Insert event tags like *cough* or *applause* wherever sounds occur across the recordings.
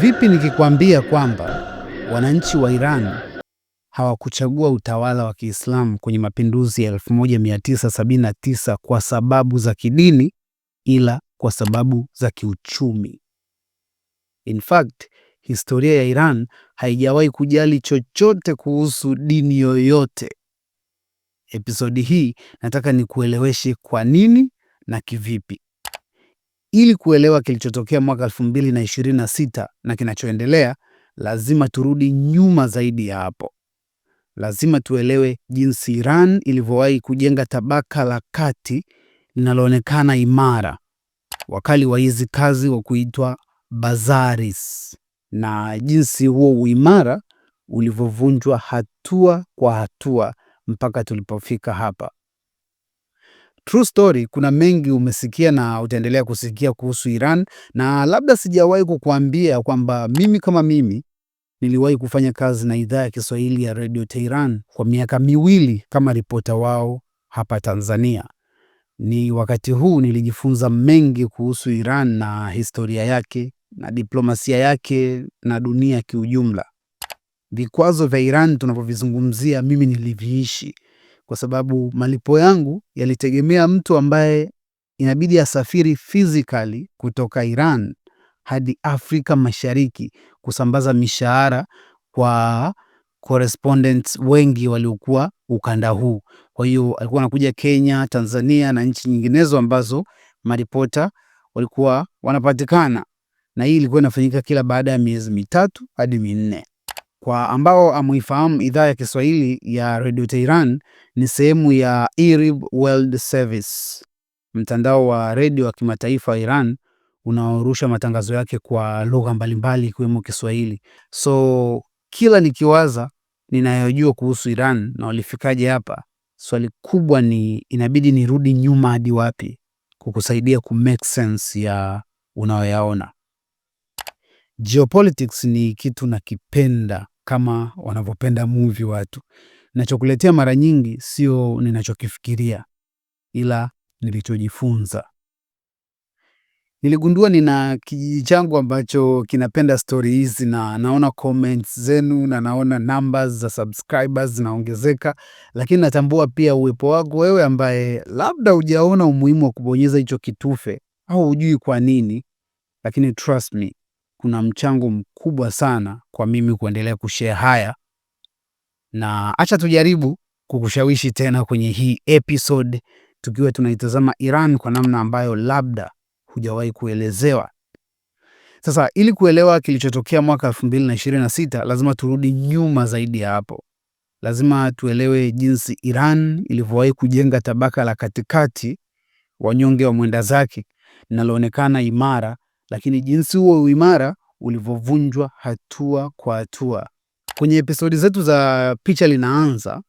Vipi nikikwambia kwamba wananchi wa Iran hawakuchagua utawala wa Kiislamu kwenye mapinduzi ya 1979 kwa sababu za kidini, ila kwa sababu za kiuchumi. In fact, historia ya Iran haijawahi kujali chochote kuhusu dini yoyote. Episodi hii nataka nikueleweshe kwa nini na kivipi. Ili kuelewa kilichotokea mwaka 2026 na na kinachoendelea, lazima turudi nyuma zaidi ya hapo. Lazima tuelewe jinsi Iran ilivyowahi kujenga tabaka la kati linaloonekana imara wakali wa hizi kazi wa kuitwa Bazaris na jinsi huo uimara ulivyovunjwa hatua kwa hatua mpaka tulipofika hapa. True story, kuna mengi umesikia na utaendelea kusikia kuhusu Iran, na labda sijawahi kukuambia kwamba mimi kama mimi niliwahi kufanya kazi na idhaa ya Kiswahili ya Radio Tehran kwa miaka miwili kama ripota wao hapa Tanzania. Ni wakati huu nilijifunza mengi kuhusu Iran na historia yake na diplomasia yake na dunia kiujumla. Vikwazo vya Iran tunavyovizungumzia, mimi niliviishi kwa sababu malipo yangu yalitegemea mtu ambaye inabidi asafiri physically kutoka Iran hadi Afrika Mashariki kusambaza mishahara kwa correspondents wengi waliokuwa ukanda huu. Kwa hiyo alikuwa anakuja Kenya, Tanzania na nchi nyinginezo ambazo maripota walikuwa wanapatikana, na hii ilikuwa inafanyika kila baada ya miezi mitatu hadi minne. Kwa ambao amuifahamu idhaa ya Kiswahili ya redio Tehran ni sehemu ya IRIB World Service, mtandao wa redio wa kimataifa wa Iran unaorusha matangazo yake kwa lugha mbalimbali ikiwemo Kiswahili. So kila nikiwaza ninayojua kuhusu Iran na walifikaje hapa, swali kubwa ni inabidi nirudi nyuma hadi wapi kukusaidia ku make sense ya unayoyaona. Geopolitics ni kitu nakipenda kama wanavyopenda movie watu. Nachokuletea mara nyingi sio ninachokifikiria, ila nilichojifunza. Niligundua nina kijiji changu ambacho kinapenda stori hizi, na naona comments zenu na naona numbers za subscribers zinaongezeka, lakini natambua pia uwepo wako wewe, ambaye labda hujaona umuhimu wa kubonyeza hicho kitufe au hujui kwa nini, lakini trust me, kuna mchango kubwa sana kwa mimi kuendelea kushare haya, na acha tujaribu kukushawishi tena kwenye hii episode tukiwa tunaitazama Iran kwa namna ambayo labda hujawahi kuelezewa. Sasa ili kuelewa kilichotokea mwaka 2026 lazima turudi nyuma zaidi ya hapo. Lazima tuelewe jinsi Iran ilivyowahi kujenga tabaka la katikati, wanyonge wa mwenda zake, linaloonekana imara, lakini jinsi huo uimara ulivyovunjwa hatua kwa hatua. Kwenye episodi zetu za Picha Linaanza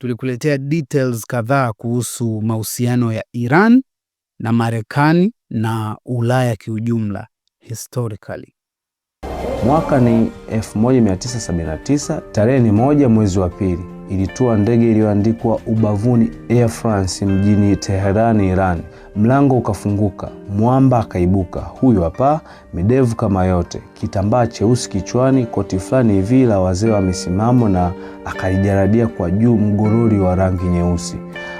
tulikuletea details kadhaa kuhusu mahusiano ya Iran na Marekani na Ulaya kiujumla historically. Mwaka ni 1979 tarehe ni moja mwezi wa pili ilitua ndege iliyoandikwa ubavuni Air France mjini Teherani, Iran. Mlango ukafunguka, mwamba akaibuka. Huyu hapa, midevu kama yote, kitambaa cheusi kichwani, koti fulani hivi la wazee wa misimamo, na akalijaradia kwa juu mgorori wa rangi nyeusi.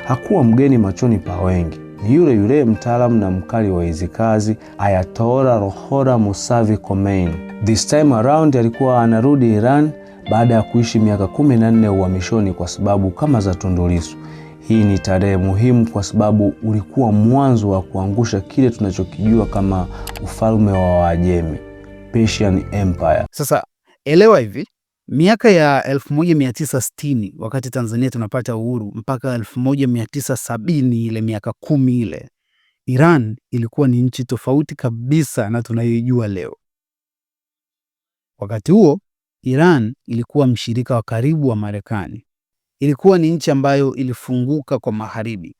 Hakuwa mgeni machoni pa wengi, ni yule yule mtaalamu na mkali wa hizi kazi, rohora Musavi komein This time around alikuwa anarudi Iran baada ya kuishi miaka 14 uhamishoni kwa sababu kama za Tundu hii ni tarehe muhimu kwa sababu ulikuwa mwanzo wa kuangusha kile tunachokijua kama ufalme wa Waajemi, Persian Empire. Sasa elewa hivi, miaka ya 1960 wakati Tanzania tunapata uhuru mpaka 1970, ile miaka kumi ile, Iran ilikuwa ni nchi tofauti kabisa na tunayoijua leo. Wakati huo Iran ilikuwa mshirika wa karibu wa Marekani Ilikuwa ni nchi ambayo ilifunguka kwa magharibi.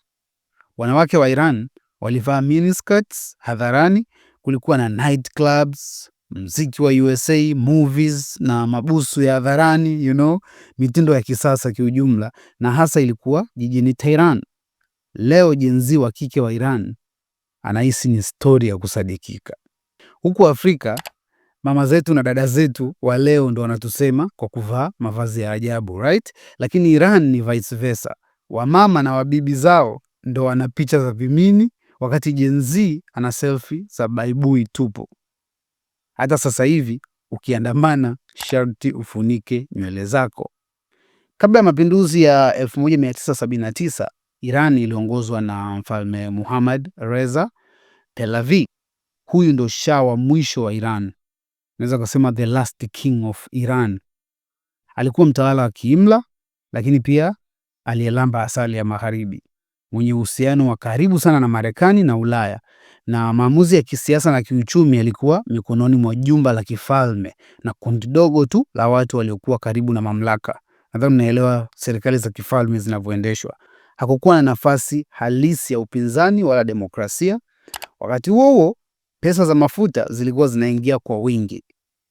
Wanawake wa Iran walivaa miniskirts hadharani. Kulikuwa na night clubs, mziki wa USA, movies na mabusu ya hadharani, you know, mitindo ya kisasa kiujumla, na hasa ilikuwa jijini Tehran. Leo jenzi wa kike wa Iran anahisi ni stori ya kusadikika. Huku Afrika mama zetu na dada zetu wa leo ndo wanatusema kwa kuvaa mavazi ya ajabu right? Lakini Iran ni vice versa, wamama na wabibi zao ndo wana picha za vimini, wakati Gen Z ana selfie za baibui tupo. Hata sasa hivi ukiandamana sharti ufunike nywele zako. Kabla ya mapinduzi ya 1979 Iran iliongozwa na mfalme Muhammad Reza Pahlavi. Huyu ndo shah wa mwisho wa Iran Naweza kusema the last king of Iran. Alikuwa mtawala wa kiimla, lakini pia aliyelamba asali ya magharibi, mwenye uhusiano wa karibu sana na Marekani na Ulaya, na maamuzi ya kisiasa na kiuchumi yalikuwa mikononi mwa jumba la kifalme na kundi dogo tu la watu waliokuwa karibu na mamlaka. Nadhani mnaelewa serikali za kifalme zinavyoendeshwa. Hakukuwa na nafasi halisi ya upinzani wala demokrasia. Wakati huo huo pesa za mafuta zilikuwa zinaingia kwa wingi.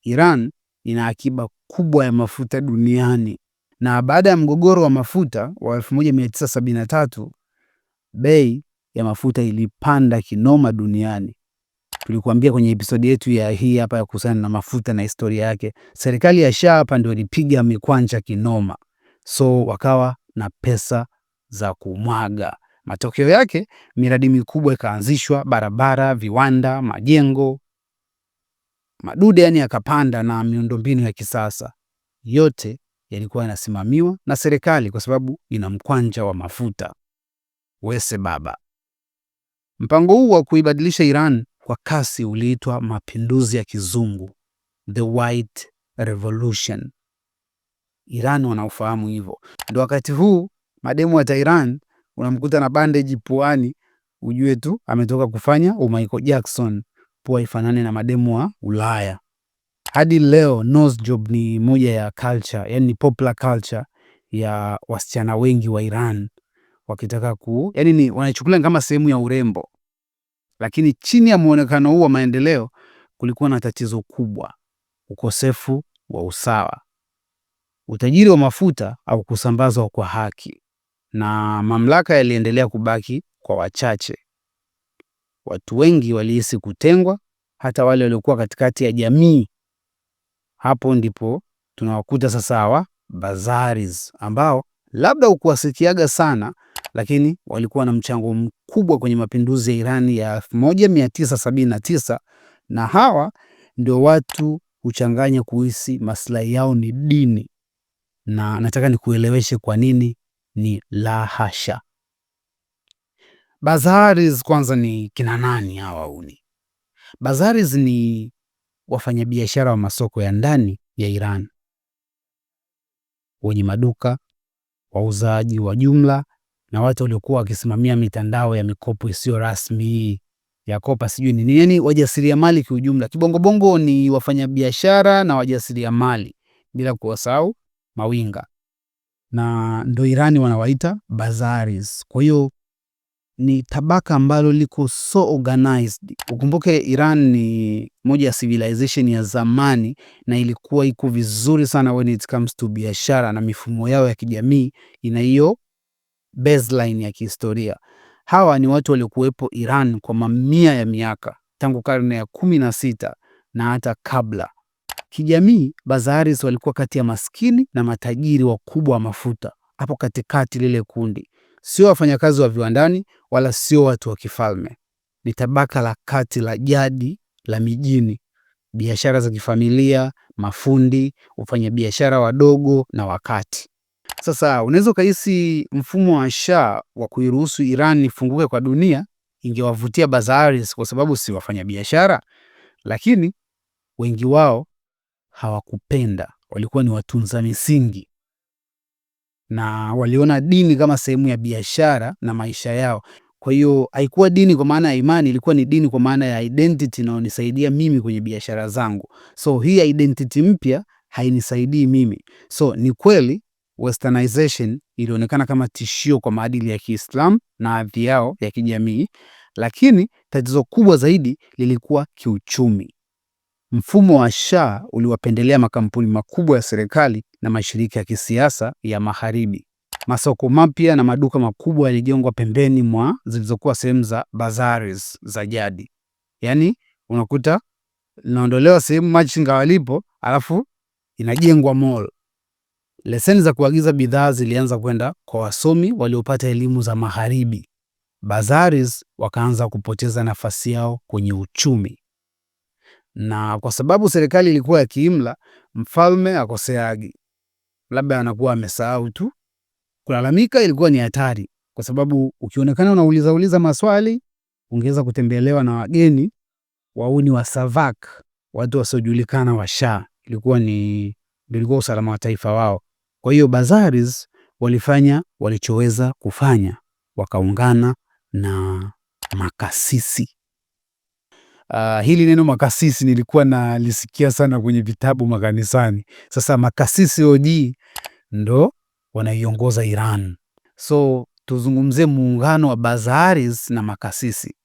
Iran ina akiba kubwa ya mafuta duniani, na baada ya mgogoro wa mafuta wa 1973 bei ya mafuta ilipanda kinoma duniani. Tulikuambia kwenye episodi yetu ya hii hapa ya kuhusiana na mafuta na historia yake, serikali ya Shah hapa ndio ilipiga mikwanja kinoma, so wakawa na pesa za kumwaga. Matokeo yake miradi mikubwa ikaanzishwa, barabara, viwanda, majengo, madude yani yakapanda, na miundombinu ya kisasa. Yote yalikuwa yanasimamiwa na serikali kwa sababu ina mkwanja wa mafuta. Wese baba. Mpango huu wa kuibadilisha Iran kwa kasi uliitwa mapinduzi ya kizungu, the white revolution. Iran wanaofahamu hivyo. Ndio wakati huu mademu wa Tehran unamkuta na bandage puani, ujue tu ametoka kufanya u Michael Jackson, pua ifanane na mademu wa Ulaya. Hadi leo nose job ni moja ya culture, yani ni popular culture ya wasichana wengi wa Iran wakitaka ku, yani ni wanachukulia kama sehemu ya urembo. Lakini chini ya muonekano huu wa maendeleo kulikuwa na tatizo kubwa, ukosefu wa usawa, utajiri wa mafuta au kusambazwa kwa haki na mamlaka yaliendelea kubaki kwa wachache. Watu wengi walihisi kutengwa, hata wale waliokuwa katikati ya jamii. Hapo ndipo tunawakuta sasa hawa Bazaris ambao labda hukuwasikiaga sana, lakini walikuwa na mchango mkubwa kwenye mapinduzi ya Irani ya 1979 na hawa ndio watu huchanganya kuhisi maslahi yao ni dini, na nataka nikueleweshe kwa nini ni la hasha. Bazaris kwanza ni kina nani hawa uni? Bazaris ni wafanyabiashara wa masoko ya ndani ya Iran wenye maduka, wauzaji wa jumla na watu waliokuwa wakisimamia mitandao ya mikopo isiyo rasmi ya kopa sijui nini, yaani wajasiriamali kiujumla. Kibongobongo ni wafanyabiashara na wajasiriamali, bila kuwasahau mawinga na ndo Irani wanawaita bazaris. Kwa hiyo ni tabaka ambalo liko so organized. Ukumbuke Iran ni moja ya civilization ya zamani, na ilikuwa iko vizuri sana when it comes to biashara, na mifumo yao ya kijamii ina hiyo baseline ya kihistoria. Hawa ni watu waliokuwepo Iran kwa mamia ya miaka tangu karne ya kumi na sita na hata kabla. Kijamii, Bazaris walikuwa kati ya maskini na matajiri wakubwa wa mafuta, hapo katikati lile kundi, sio wafanyakazi wa viwandani wala sio watu wa kifalme, ni tabaka la kati la jadi la mijini, biashara za kifamilia, mafundi, wafanyabiashara wadogo na wakati sasa unaweza ukahisi mfumo wa Shah wa kuiruhusu Iran ifunguke kwa dunia ingewavutia Bazaars kwa sababu si wafanyabiashara, lakini wengi wao hawakupenda, walikuwa ni watunza misingi na waliona dini kama sehemu ya biashara na maisha yao. Kwa hiyo haikuwa dini kwa maana ya imani, ilikuwa ni dini kwa maana ya identity inayonisaidia mimi kwenye biashara zangu. So hii identity mpya hainisaidii mimi. So ni kweli westernization ilionekana kama tishio kwa maadili ya Kiislamu na adhi yao ya kijamii, lakini tatizo kubwa zaidi lilikuwa kiuchumi. Mfumo wa sha uliwapendelea makampuni makubwa ya serikali na mashirika ya kisiasa ya Magharibi. Masoko mapya na maduka makubwa yalijengwa pembeni mwa zilizokuwa sehemu za bazaars za jadi. Yaani unakuta linaondolewa sehemu machinga walipo, alafu inajengwa mall. Leseni za kuagiza bidhaa zilianza kwenda kwa wasomi waliopata elimu za Magharibi. Bazaars wakaanza kupoteza nafasi yao kwenye uchumi na kwa sababu serikali ilikuwa ya kiimla, mfalme akoseagi, labda anakuwa amesahau tu. Kulalamika ilikuwa ni hatari, kwa sababu ukionekana unauliza uliza maswali ungeweza kutembelewa na wageni wauni wa Savak, watu wasiojulikana wa Shah. Ilikuwa ni ilikuwa usalama wa taifa wao. Kwa hiyo Bazaris walifanya walichoweza kufanya, wakaungana na makasisi Uh, hili neno makasisi nilikuwa nalisikia sana kwenye vitabu makanisani. Sasa makasisi OG ndo wanaiongoza Iran, so tuzungumzie muungano wa Bazaris na makasisi.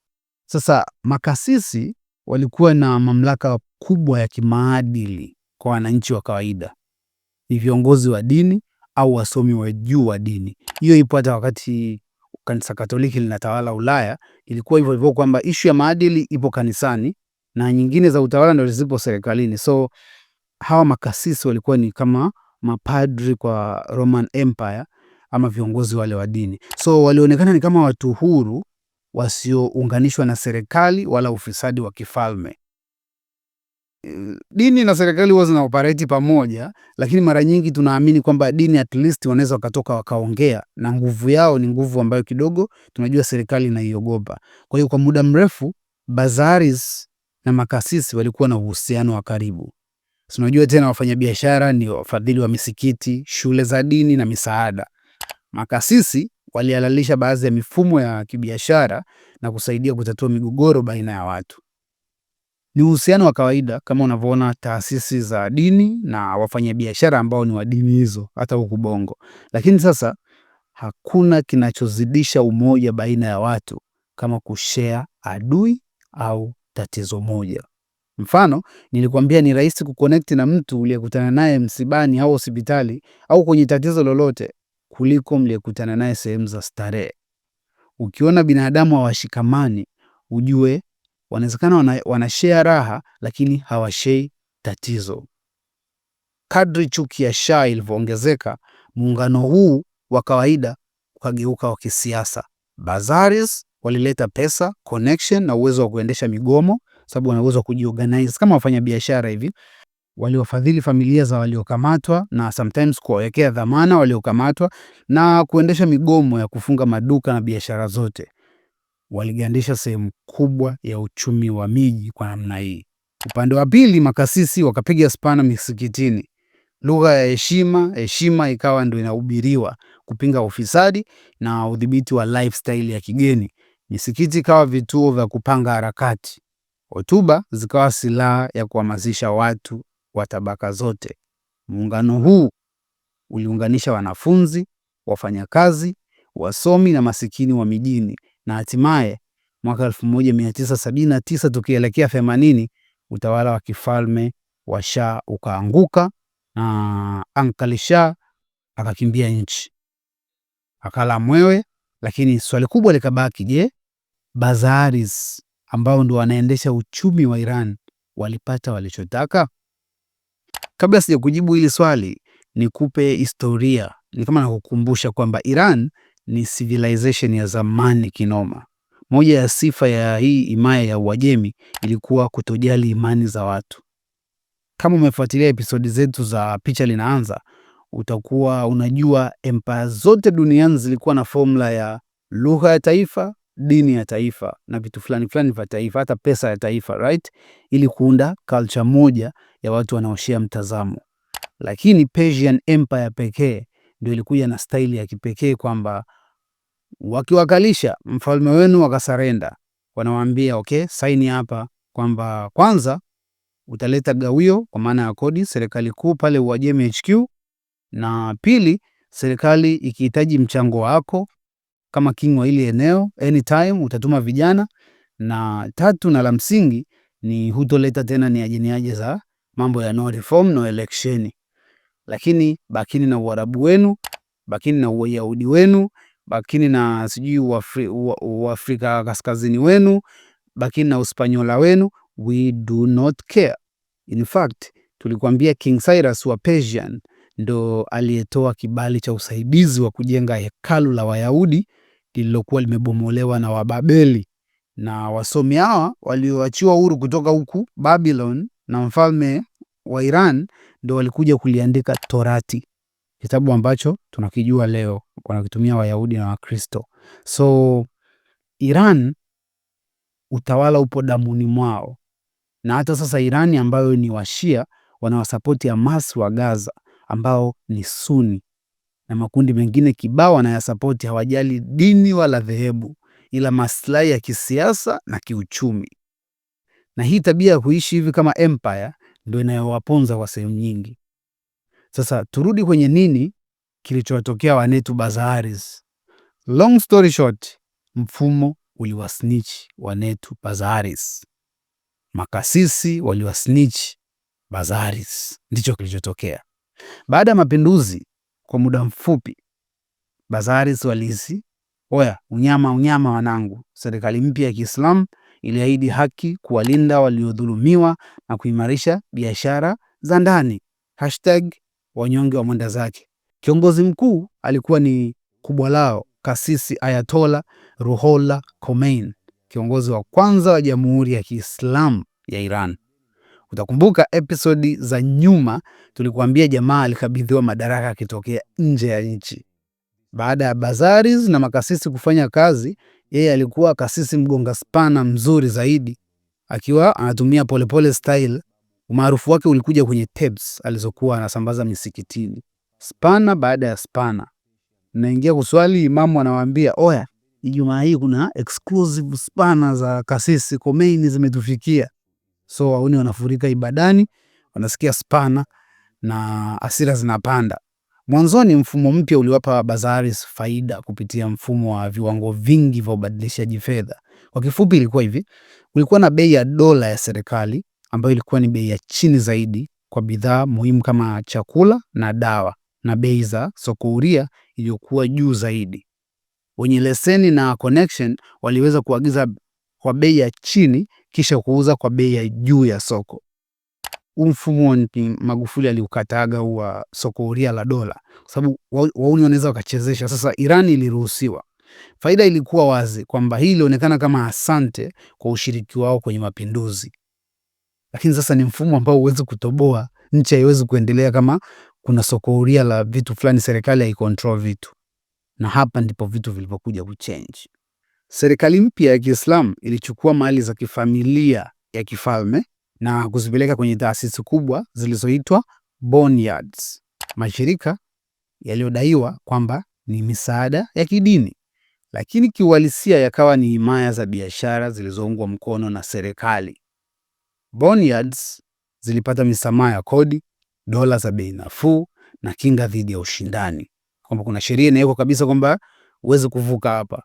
Sasa makasisi walikuwa na mamlaka kubwa ya kimaadili kwa wananchi wa kawaida, ni viongozi wa dini au wasomi wa juu wa dini. Hiyo ipo hata wakati kanisa Katoliki linatawala Ulaya, ilikuwa hivyo hivyo kwamba ishu ya maadili ipo kanisani na nyingine za utawala ndio zipo serikalini. So hawa makasisi walikuwa ni kama mapadri kwa Roman Empire ama viongozi wale wa dini, so walionekana ni kama watu huru wasiounganishwa na serikali wala ufisadi wa kifalme dini na serikali huwa zina operate pamoja, lakini mara nyingi tunaamini kwamba dini at least wanaweza wakatoka wakaongea, na nguvu yao ni nguvu ambayo kidogo tunajua serikali inaiogopa. Kwa hiyo kwa muda mrefu bazaris na makasisi walikuwa na uhusiano wa karibu. Tunajua tena, wafanyabiashara ni wafadhili wa misikiti, shule za dini na misaada. Makasisi walihalalisha baadhi ya mifumo ya kibiashara na kusaidia kutatua migogoro baina ya watu. Ni uhusiano wa kawaida kama unavyoona taasisi za dini na wafanyabiashara ambao ni wa dini hizo hata huku Bongo. Lakini sasa hakuna kinachozidisha umoja baina ya watu kama kushea adui au tatizo moja. Mfano, nilikwambia ni rahisi kukonekti na mtu uliyekutana naye msibani au hospitali au kwenye tatizo lolote kuliko mliyekutana naye sehemu za starehe. Ukiona binadamu hawashikamani, ujue wanawezekana wana, wanashea raha lakini hawashei tatizo. Kadri chuki ya Shah ilivyoongezeka, muungano huu wa kawaida ukageuka wa kisiasa. Bazaris walileta pesa, connection na uwezo wa kuendesha migomo, sababu wana uwezo wa kujiorganize kama wafanyabiashara hivi. Waliofadhili familia za waliokamatwa na sometimes kuwawekea dhamana waliokamatwa, na kuendesha migomo ya kufunga maduka na biashara zote waligandisha sehemu kubwa ya uchumi wa miji kwa namna hii. Upande wa pili, makasisi wakapiga spana misikitini, lugha ya heshima. Heshima ikawa ndio inahubiriwa kupinga ufisadi na udhibiti wa lifestyle ya kigeni. Misikiti ikawa vituo vya kupanga harakati, hotuba zikawa silaha ya kuhamasisha watu wa tabaka zote. Muungano huu uliunganisha wanafunzi, wafanyakazi, wasomi na masikini wa mijini na hatimaye mwaka 1979 tukielekea themanini, utawala wa kifalme wa Shah ukaanguka na Ankali Shah akakimbia nchi akala mwewe. Lakini swali kubwa likabaki, je, Bazaris ambao ndo wanaendesha uchumi wa Iran walipata walichotaka? Kabla sija kujibu hili swali, nikupe historia, ni kama nakukumbusha kwamba Iran ni civilization ya zamani kinoma. Moja ya sifa ya hii himaya ya Uajemi ilikuwa kutojali imani za watu. Kama umefuatilia episodi zetu za picha linaanza, utakuwa unajua empire zote duniani zilikuwa na formula ya lugha ya taifa, dini ya taifa na vitu fulani fulani vya taifa, hata pesa ya taifa right, ili kuunda culture moja ya watu wanaoshea mtazamo. Lakini Persian Empire pekee ndio ilikuja na staili ya kipekee kwamba Wakiwakalisha mfalme wenu wakasarenda, wanawaambia okay, saini hapa kwamba kwanza utaleta gawio kwa maana ya kodi serikali kuu pale Uajemi HQ, na pili serikali ikihitaji mchango wako kama king wa ile eneo anytime utatuma vijana, na tatu na la msingi ni hutoleta tena ni ajeniaje za mambo ya no reform no election. Lakini bakini na uarabu wenu, bakini na uyahudi wenu bakini na sijui Uafrika kaskazini wenu, bakini na Uspanyola wenu. We do not care. In fact, tulikwambia King Cyrus wa Persian ndo aliyetoa kibali cha usaidizi wa kujenga hekalu la Wayahudi lililokuwa limebomolewa na Wababeli na wasomi hawa walioachiwa huru kutoka huku Babylon na mfalme wa Iran ndo walikuja kuliandika Torati kitabu ambacho tunakijua leo, wanakitumia Wayahudi na Wakristo. So Iran utawala upo damuni mwao, na hata sasa Irani ambayo ni Washia wanawasapoti Hamas wa Gaza ambao ni Suni na makundi mengine kibao wanayasapoti, hawajali dini wala dhehebu, ila maslahi ya kisiasa na kiuchumi. Na hii tabia ya kuishi hivi kama empire ndio inayowaponza kwa sehemu nyingi. Sasa turudi kwenye nini kilichowatokea Wanetu bazaaris Long story short, mfumo uliwasnitch Wanetu Bazaharis, makasisi waliwasnitch Bazaharis, ndicho kilichotokea. Baada ya mapinduzi, kwa muda mfupi, Bazaharis walihisi oya, unyama unyama, wanangu. Serikali mpya ya Kiislamu iliahidi haki, kuwalinda waliodhulumiwa na kuimarisha biashara za ndani. Hashtag wanyonge wa mwenda zake. Kiongozi mkuu alikuwa ni kubwa lao Kasisi Ayatola ruhola Khomeini, kiongozi wa kwanza wa Jamhuri ya Kiislamu ya Iran. Utakumbuka episodi za nyuma tulikuambia jamaa alikabidhiwa madaraka akitokea nje ya nchi. Baada ya bazaris na makasisi kufanya kazi, yeye alikuwa kasisi mgonga spana mzuri zaidi, akiwa anatumia polepole style Umaarufu wake ulikuja kwenye tapes alizokuwa anasambaza misikitini, spana baada ya spana. Naingia kuswali, imamu anawaambia oya, Ijumaa hii kuna exclusive spana za kasisi Khomeini zimetufikia. So wauni wanafurika ibadani, wanasikia spana na asira zinapanda. Mwanzoni mfumo mpya uliwapa bazaris faida kupitia mfumo wa viwango vingi vya ubadilishaji fedha. Kwa kifupi, ilikuwa hivi: kulikuwa na bei ya dola ya serikali ambayo ilikuwa ni bei ya chini zaidi kwa bidhaa muhimu kama chakula na dawa na bei za soko huria iliyokuwa juu zaidi. Wenye leseni na connection waliweza kuagiza kwa bei ya chini kisha kuuza kwa bei ya juu ya soko. Huu mfumo ni Magufuli aliukataga wa soko huria la dola, kwa sababu wauni wanaweza wakachezesha. Sasa Iran iliruhusiwa. Faida ilikuwa wazi kwamba hii ilionekana kama asante kwa ushiriki wao kwenye mapinduzi. Lakini sasa ni mfumo ambao huwezi kutoboa. Nchi haiwezi kuendelea kama kuna soko huria la vitu fulani, serikali haikontrol vitu, na hapa ndipo vitu vilivyokuja kuchange. Serikali mpya ya Kiislamu ilichukua mali za kifamilia ya kifalme na kuzipeleka kwenye taasisi kubwa zilizoitwa boneyards, mashirika yaliyodaiwa kwamba ni misaada ya kidini, lakini kiuhalisia yakawa ni himaya za biashara zilizoungwa mkono na serikali. Bonyards zilipata misamaha ya kodi, dola za bei nafuu na kinga dhidi ya ushindani, kwamba kuna sheria inawekwa kabisa kwamba uweze kuvuka hapa.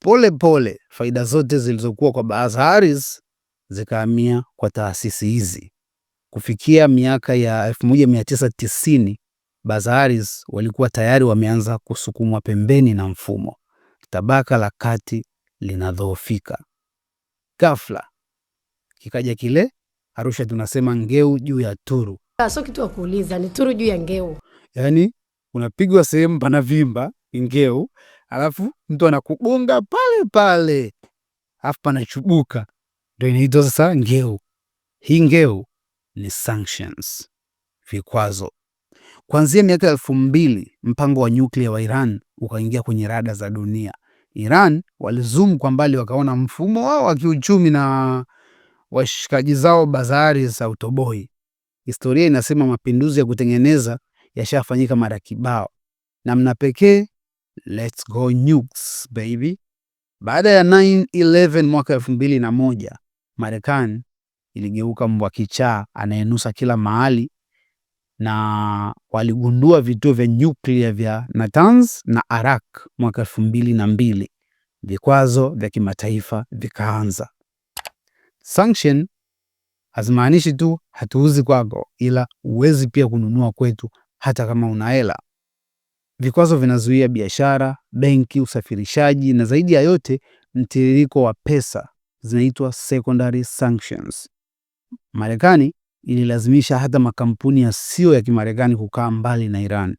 Pole pole faida zote zilizokuwa kwa Bazaars zikahamia kwa taasisi hizi. Kufikia miaka ya 1990 Bazaars walikuwa tayari wameanza kusukumwa pembeni na mfumo. Tabaka la kati linadhoofika ghafla kikaja kile Arusha tunasema ngeu juu ya turu. Ah, so kitu ya kuuliza, ni turu juu ya ngeu. Yaani unapigwa sehemu pana vimba ngeu, alafu mtu anakugonga pale pale, alafu panachubuka, ndo inaitwa sasa ngeu. Hii ngeu ni sanctions, vikwazo. Kuanzia miaka elfu mbili mpango wa nyuklia wa Iran ukaingia kwenye rada za dunia. Iran walizumu kwa mbali, wakaona mfumo wao wa kiuchumi na washikaji zao bazari za utoboi. Historia inasema mapinduzi ya kutengeneza yashafanyika mara kibao. Namna pekee, let's go nukes baby. Baada ya 9/11 mwaka moja Marekani iligeuka mbwa kichaa anayenusa kila mahali na waligundua vituo vya nyuklia vya Natanz na Arak mwaka elfu mbili na mbili. Vikwazo vya kimataifa vikaanza. Sanction hazimaanishi tu hatuuzi kwako, ila uwezi pia kununua kwetu hata kama una hela. Vikwazo vinazuia biashara, benki, usafirishaji na zaidi ya yote mtiririko wa pesa, zinaitwa secondary sanctions. Marekani ililazimisha hata makampuni yasiyo ya Kimarekani kukaa mbali na Iran.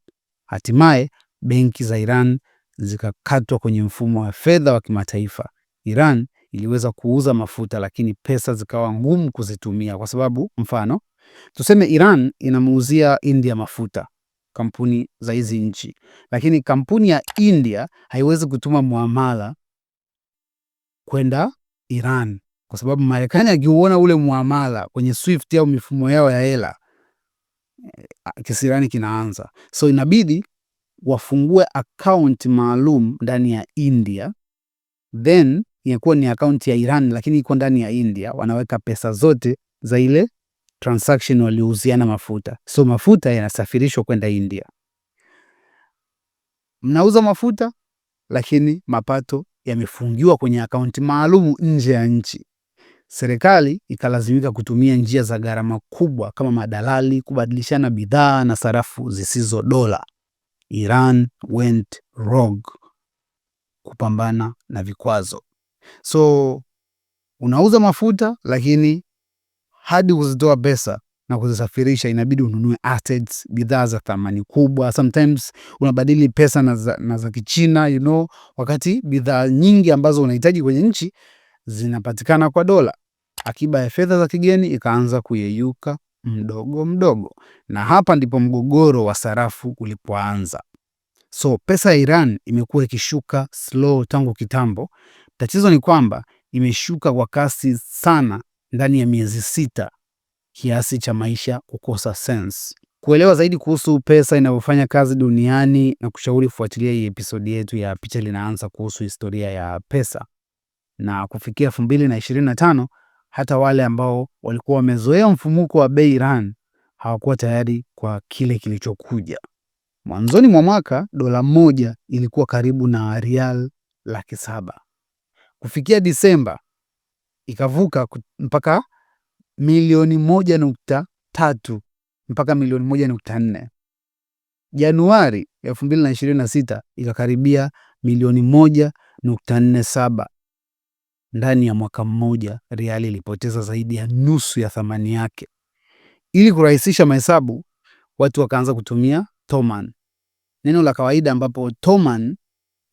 Hatimaye benki za Iran zikakatwa kwenye mfumo wa fedha wa kimataifa. Iran iliweza kuuza mafuta, lakini pesa zikawa ngumu kuzitumia kwa sababu, mfano tuseme Iran inamuuzia India mafuta kampuni za hizi nchi, lakini kampuni ya India haiwezi kutuma muamala kwenda Iran kwa sababu Marekani akiuona ule muamala kwenye Swift au mifumo yao ya hela, eh, kisirani kinaanza. So inabidi wafungue akaunti maalum ndani ya India then inakuwa ni akaunti ya Iran lakini iko ndani ya India, wanaweka pesa zote za ile transaction waliuziana mafuta. So mafuta yanasafirishwa kwenda India, mnauza mafuta lakini mapato yamefungiwa kwenye akaunti maalumu nje ya nchi. Serikali ikalazimika kutumia njia za gharama kubwa kama madalali, kubadilishana bidhaa na sarafu zisizo dola. Iran went rogue kupambana na vikwazo. So unauza mafuta lakini hadi kuzitoa pesa na kuzisafirisha inabidi ununue assets, bidhaa za thamani kubwa. Sometimes unabadili pesa na za, na za Kichina you know, wakati bidhaa nyingi ambazo unahitaji kwenye nchi zinapatikana kwa dola. Akiba ya fedha za kigeni ikaanza kuyeyuka mdogo mdogo, na hapa ndipo mgogoro wa sarafu ulipoanza. So pesa ya Iran imekuwa ikishuka slow tangu kitambo, Tatizo ni kwamba imeshuka kwa kasi sana ndani ya miezi sita kiasi cha maisha kukosa sense. Kuelewa zaidi kuhusu pesa inavyofanya kazi duniani na kushauri kufuatilia hii episodi yetu ya Picha Linaanza kuhusu historia ya pesa. Na kufikia 2025 hata wale ambao walikuwa wamezoea mfumuko wa bei Iran hawakuwa tayari kwa kile kilichokuja. Mwanzoni mwa mwaka dola moja ilikuwa karibu na rial laki saba kufikia Disemba ikavuka mpaka milioni moja nukta tatu mpaka milioni moja nukta nne. Januari elfu mbili na ishirini na sita ikakaribia milioni moja nukta nne saba. Ndani ya mwaka mmoja riali ilipoteza zaidi ya nusu ya thamani yake. Ili kurahisisha mahesabu, watu wakaanza kutumia toman, neno la kawaida ambapo toman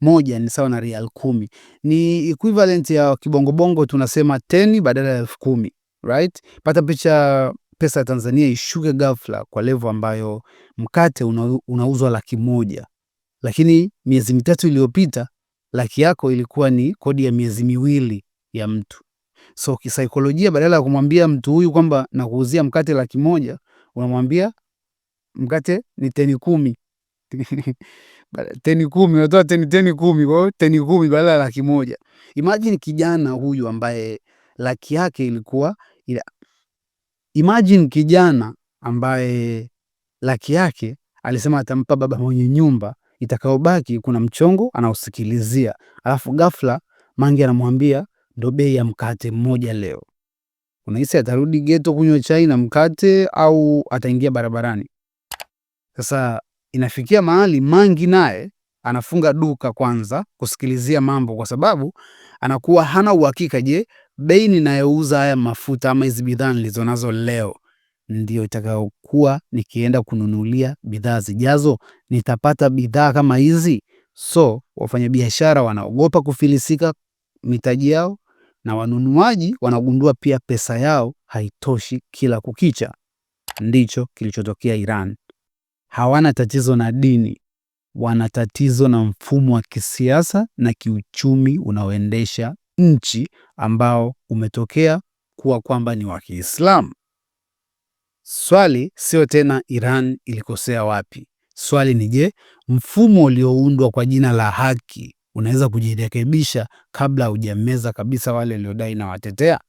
moja ni sawa na real kumi. Ni equivalent ya kibongobongo tunasema teni badala ya elfu kumi right? Pata picha, pesa ya Tanzania ishuke ghafla kwa levo ambayo mkate una, unauzwa laki moja, lakini miezi mitatu iliyopita laki yako ilikuwa ni kodi ya miezi miwili ya mtu. So kisaikolojia, badala ya kumwambia mtu huyu kwamba nakuuzia mkate laki moja, unamwambia mkate ni teni kumi. *laughs* teni kumi unatoa teni teni kumi kwa hiyo teni kumi badala ya laki moja. Imajini kijana huyu ambaye laki yake ilikuwa ila, imajini kijana ambaye laki yake alisema atampa baba mwenye nyumba, itakayobaki kuna mchongo anausikilizia, alafu ghafla Mange anamwambia ndo bei ya mkate mmoja leo. Unahisi atarudi geto kunywa chai na mkate au ataingia barabarani? Sasa inafikia mahali mangi naye anafunga duka kwanza kusikilizia mambo, kwa sababu anakuwa hana uhakika. Je, bei ninayouza haya mafuta ama hizi bidhaa nilizonazo leo ndio itakayokuwa nikienda kununulia bidhaa zijazo? Nitapata bidhaa kama hizi? So wafanyabiashara wanaogopa kufilisika mitaji yao, na wanunuaji wanagundua pia pesa yao haitoshi kila kukicha. Ndicho kilichotokea Iran hawana tatizo na dini, wana tatizo na mfumo wa kisiasa na kiuchumi unaoendesha nchi ambao umetokea kuwa kwamba ni wa Kiislamu. Swali sio tena Iran ilikosea wapi. Swali ni je, mfumo ulioundwa kwa jina la haki unaweza kujirekebisha kabla hujameza kabisa wale waliodai na watetea?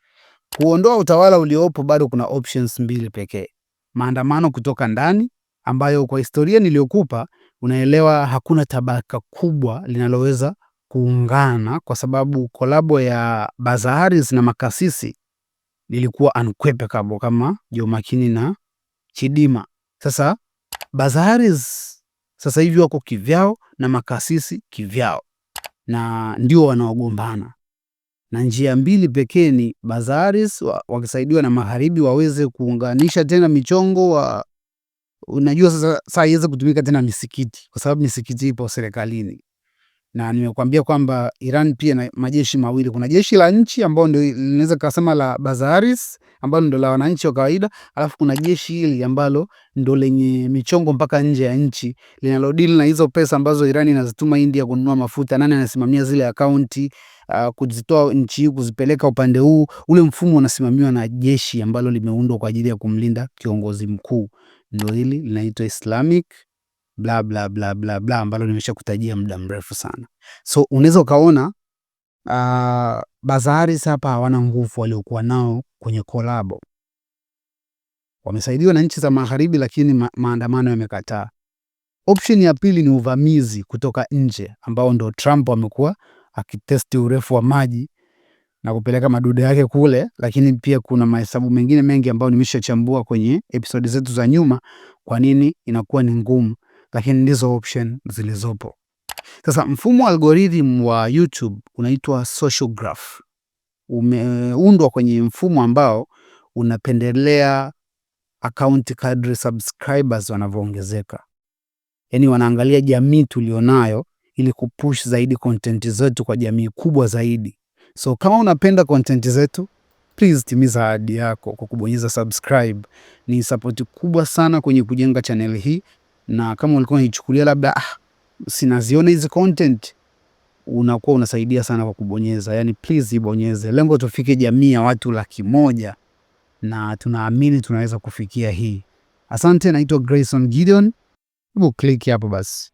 Kuondoa utawala uliopo, bado kuna options mbili pekee: maandamano kutoka ndani ambayo kwa historia niliyokupa unaelewa hakuna tabaka kubwa linaloweza kuungana kwa sababu kolabo ya bazaaris na Makasisi lilikuwa unquepecable kama Jomakini na Chidima. Sasa Bazaharis sasa hivi wako kivyao na Makasisi kivyao, na ndio wanaogombana na njia mbili pekee ni Bazaharis wakisaidiwa na Magharibi waweze kuunganisha tena michongo wa Unajua sasa saa iweze kutumika tena misikiti kwa sababu misikiti ipo serikalini, na nimekuambia kwamba Iran pia na majeshi mawili, kuna jeshi la nchi ambao ndio linaweza kusema la Bazaris ambalo ndio la wananchi wa kawaida, alafu kuna jeshi hili ambalo ndio lenye michongo mpaka nje ya nchi linalodili na hizo pesa ambazo Iran inazituma India kununua mafuta. Nani anasimamia zile akaunti uh, ah, kuzitoa nchi hii kuzipeleka upande huu? Ule mfumo unasimamiwa na jeshi ambalo limeundwa kwa ajili ya kumlinda kiongozi mkuu ndo hili linaitwa Islamic bla bla bla bla bla ambalo kutajia muda mrefu sana. So unaweza ukaona uh, Bazaris hapa hawana nguvu waliokuwa nao kwenye kolabo. Wamesaidiwa na nchi za magharibi, lakini ma maandamano yamekataa. Option ya pili ni uvamizi kutoka nje ambao ndo Trump amekuwa akitesti urefu wa maji na kupeleka madude yake kule, lakini pia kuna mahesabu mengine mengi ambayo nimeshachambua kwenye episodi zetu za nyuma, kwa nini inakuwa ni ngumu, lakini ndizo option zilizopo. Sasa mfumo wa algorithm wa YouTube unaitwa social graph, umeundwa kwenye mfumo ambao unapendelea akaunti kadri subscribers wanavyoongezeka, yaani wanaangalia jamii tulionayo ili kupush zaidi content zetu kwa jamii kubwa zaidi So kama unapenda content zetu, please timiza ahadi yako kwa kubonyeza subscribe. Ni support kubwa sana kwenye kujenga channel hii, na kama ulikuwa unaichukulia labda ah, sinaziona hizi content, unakuwa unasaidia sana kwa kubonyeza. Yani please ibonyeze, lengo tufike jamii ya watu laki moja na tunaamini tunaweza kufikia hii. Asante, naitwa Grayson Gideon. Hebu click hapo basi.